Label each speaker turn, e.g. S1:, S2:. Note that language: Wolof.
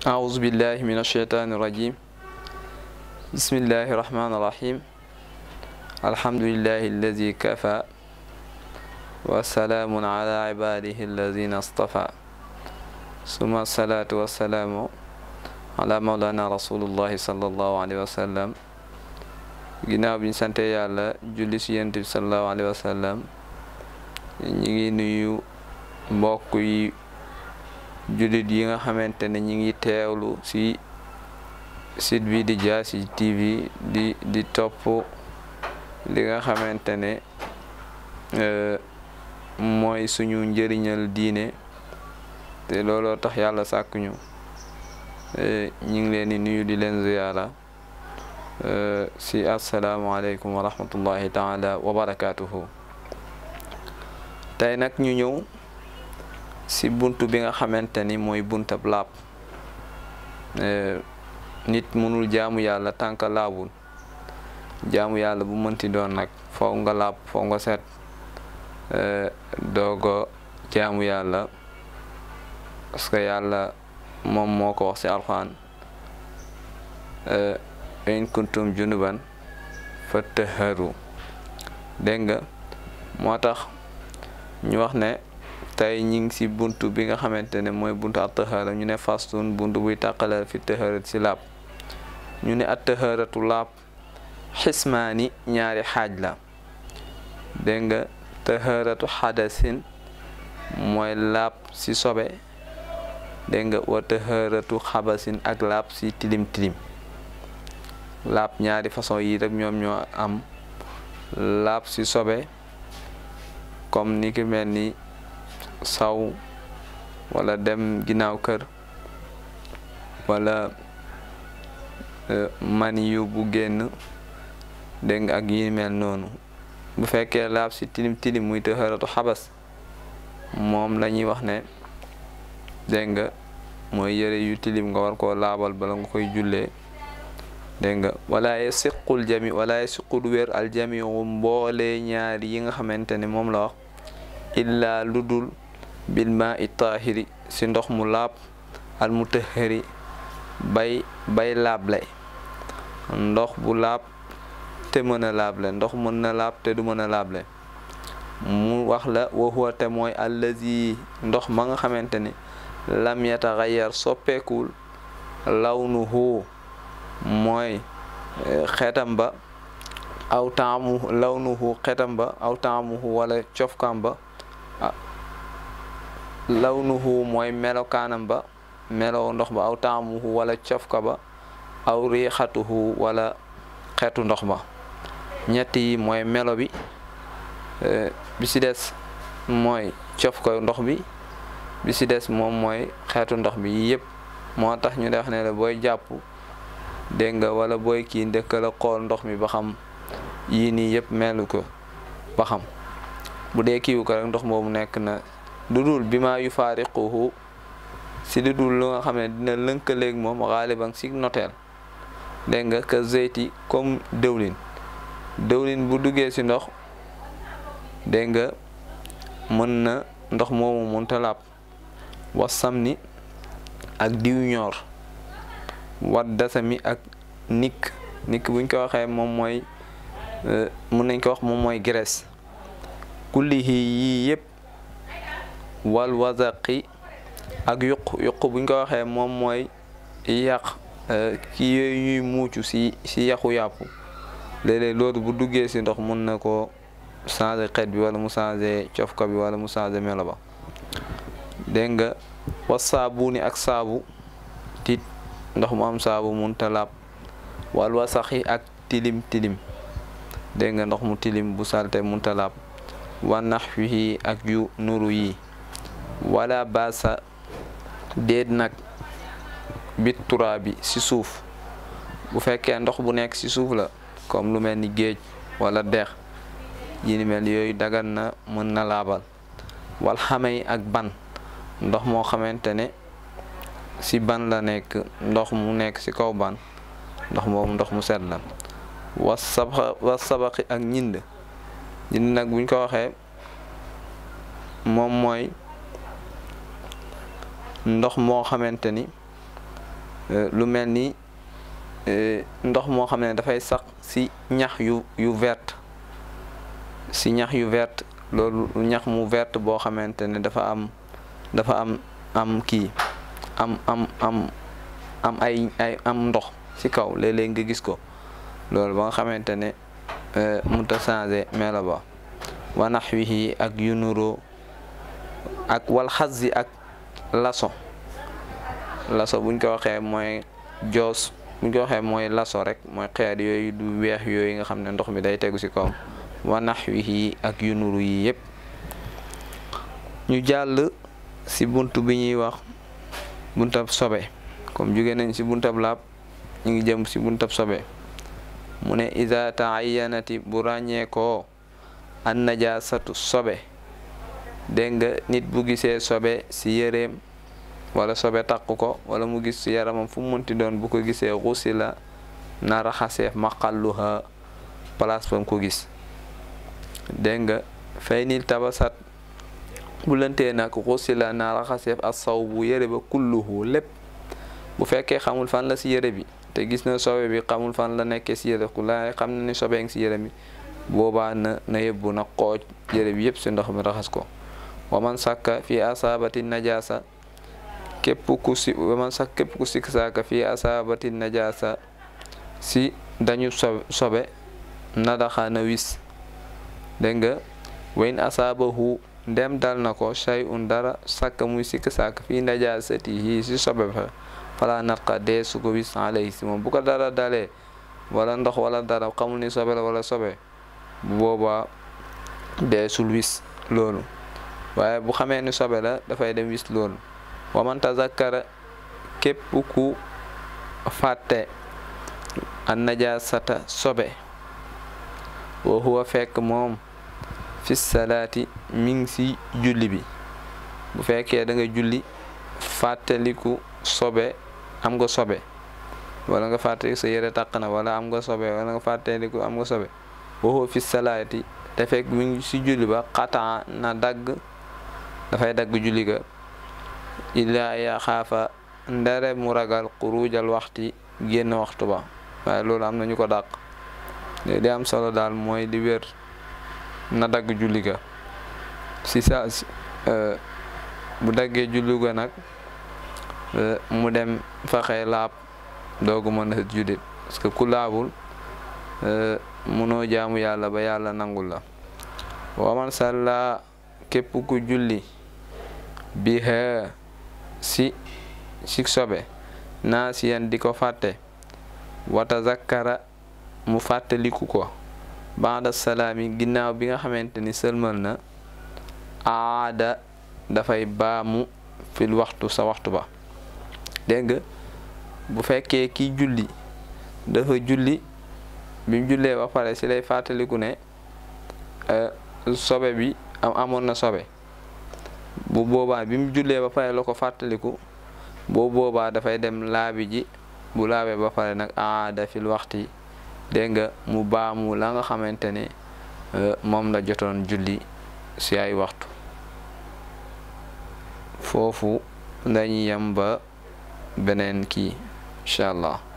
S1: أعوذ بالله من الشيطان الرجيم بسم الله الرحمن الرحيم الحمد لله الذي كفى وسلام على عباده الذين اصطفى ثم الصلاة والسلام على مولانا رسول الله صلى الله عليه وسلم ginnaaw bi ñu sante yàlla julli si yonent bi sallallahu alayhi wa sallam ñu ngi nuyu mbokk yi jullit yi nga xamante ne ñi ngi teewlu si sit bi di Diassi yi di di topp li nga xamante ne euh, mooy suñu njëriñal diine te looloo tax yàlla sàkk ñu e, ñu ngi leen di nuyu di leen ziyaara si e, asalaamaaleykum wa rahmatullahi taala wa barakaatuhu tey ñu ñëw si buntu bi nga xamante ni mooy eh, nit munul jaamu yàlla tànk laabul jaamu yàlla bu mënti fonggalap nag faw nga laab faw nga set eh, doogo jaamu yàlla parce que yàlla moom moo ko eh, in kuntum junuban fa denga dégg ñu wax ne tey ñi ngi si buntu bi nga xamante ne mooy bunt at tahaara ñu ne fastun buntu buy tàqaleel fi taharat ci laab ñu ne at taharatu laab xismaani ñaari xaaj la dégg nga taharatu xadasin mooy laab ci sobe dégg nga wa taharatu xabasin ak laab si tilim tilim laab ñaari façon yi rek ñoom ñoo am laab si sobe comme ni mel ni saw wala dem ginnaaw kër wala eh, man yu bu génn dégg nga ak yi mel noonu bu fekkee laab si tilim tilim muy taharatu xabas moom lañuy wax ne dégg nga mooy yére yu tilim nga warko koo laabal bala nga koy jullee dégg nga wala yasiqul jami wala yasiqul wér al jamiu mboole ñaar yi nga xamante ne moom la wax illaa ludul bil i taahiri si ndox mu laab al mutahari bay bay laable ndox bu laab te mën a laable ndox mën na laab te du mën a laable mu wax la waxuwa te mooy allazi ndox ma nga xamante ni lam yataxayar soppeekul lawnuhu mooy eh, xeetam ba aw taamu lawnuhu xetam ba aw taamuhu wala cofkaam ba law lawnuhu mooy melokaanam ba melo ndox ba aw taamuhu wala cofka ba aw riixatuhu wala xeetu ndox ba ñetti yi mooy melo bi eh, bi si des mooy cofka ndox bi bi si des moom mooy xeetu ndox bi yi yëpp moo tax ñu wax ne la booy jàpp dégg nga wala booy kii ndëkk la xool ndox mi ba xam yii nii yëpp melu ko ba xam bu dee kiiwu ko rek ndox moomu nekk na lu dul bima maa yu faariquhu si lu dul lu nga xam ne dina lënkaleeg moom xaaliban si noteel dégg nga ka zeyti comme dëwlin dëwlin bu duggee si ndox dégg nga mën na ndox moomu mënta làpp wasam ni ak diw ñor wat dasami ak nikk nikk buñ ko waxee moom mooy euh, mën nañ ko wax moom mooy graisse kulli yii yëpp wal wasaqi ak yuq yuq buñ ko waxee moom mooy yàq euh, ki yooyu ñuy muucu si si yàqu yàpp léeg loolu bu duggee ci ndox mun na ko changer xet bi wala mu changer cofka bi wala mu changer melo ba dégg nga was saabuuni ak saabu tit ndox mu am saabu mun ta laab wal wasaxi ak tilim tilim dégg nga ndox mu tilim bu salte mun ta laab wanax fii ak yu nuru yi wala basa déet nag bit turaa bi ci suuf bu fekkee ndox bu nekk ci suuf la kom lu mel ni géej wala dex yi ni mel yooyu dagan na mën na laabal wal xamey ak ban ndox moo xamante ne ci ban la nekk ndox mu nekk ci kaw ban ndox moomu ndox mu set la was sabax was sabaxi ak ñind ñind nag buñ ko waxee moom mooy ndox moo xamante ni euh, lu mel ni euh, ndox moo xam ne dafay sax si ñax yu yu vert si ñax yu vert loolu ñax mu vert boo xamante ne dafa am dafa am am kii am am am am ay ay am ndox si kaw léeg-léeg nga gis ko loolu ba nga xamante ne euh, mënut a changé melo ba wanax wi ak yu nuroo ak wal xas yi laso laso buñ ko waxee mooy joos buñ ko mooy laso rek mooy xeet yooyu du weex yooyu nga xam ne ndox mi day tegu ci kawam wa wi yi ak yu nuru yi yépp ñu jàll si bunt bi ñuy wax buntab sobe comme jóge nañ ci buntab laab ñu ngi jëm ci buntab sobe mu ne ida taayanati bu ràññeekoo an najasatu sobe dégg nga nit bu gisee sobe si yëreem walla sobe taq ko wala mu gis yaramam fu mu munti doon bu ko gisee xusi la na raxasee maqalluha place ba mu ko gis dégg nga fay nil tabasat bu lëntee nag xusi la na raxaseef sow bu yére ba kulluhu lépp bu fekkee xamul fan la si yére bi te gis na sobe bi xamul fan la nekkee si yëre ku laay xam na ni sobee ngi si yére bi boobaa na na yëbbu na xooj yëre bi yëpp si ndox mi raxas ko wa man sàkka fi asaabati najaasa képp ku si wa man sàkk képp ku sikk saaka fi asaabati najaasa si dañu sobe sobe nadaxa na wis dégg nga wayn asaabahu ndem dal na ko shay un dara sàkk muy sikk saaka fi najaasatihi si sobe fa fala natqa dee su ko wis alayhi si moom bu ko dara dalee wala ndox wala dara xamul ni sobe la wala sobe bu boobaa dee loolu waaye bu xamee ni sobe la dafay dem wis lool wa man tazakkara képp ku fàtte an najasata sobe wa huwa fekk moom fi salaati mi ngi si julli bi bu fekkee da nga julli fàttaliku sobe am nga sobe wala nga fàttaliku sa yére taq na wala am nga sobe wala nga am nga sobe wa huwa fi salaati te fekk mi si julli ba xataa na dagg dafay dagg julli ga illaa ya xaafa ndare mu ragal xurujal waxti génn waxtu ba waaye loolu am na ko dàq li am solo daal mooy li wér na dagg julli ga si saa bu daggee julli ga nag e, mu dem faxe laab dogu mën a julli parce que ku laabul e, munoo jaamu ba nangul la waman sàlla képp ku julli bihe si siksoɓe na siyandi ko fatte wata zakkara mu fatte likku ko bada salami ginnaaw bi nga xamante ni sëlmal na aada dafay baamu fil waxtu sa waxtu ba dégg nga bu fekkee kii julli dafa julli bi mu jullee ba pare si lay fàttaliku ne eh, sobe bi am amoon na sobe bu booba bi mu jullee ba pare la ko fàttaliku bu booba dafay dem laabi ji bu laabee ba pare nag aada fil waxti dégg nga mu baamu la nga xamante ne euh, moom la jotoon julli si ay waxtu foofu dañu yem ba beneen kii incha allah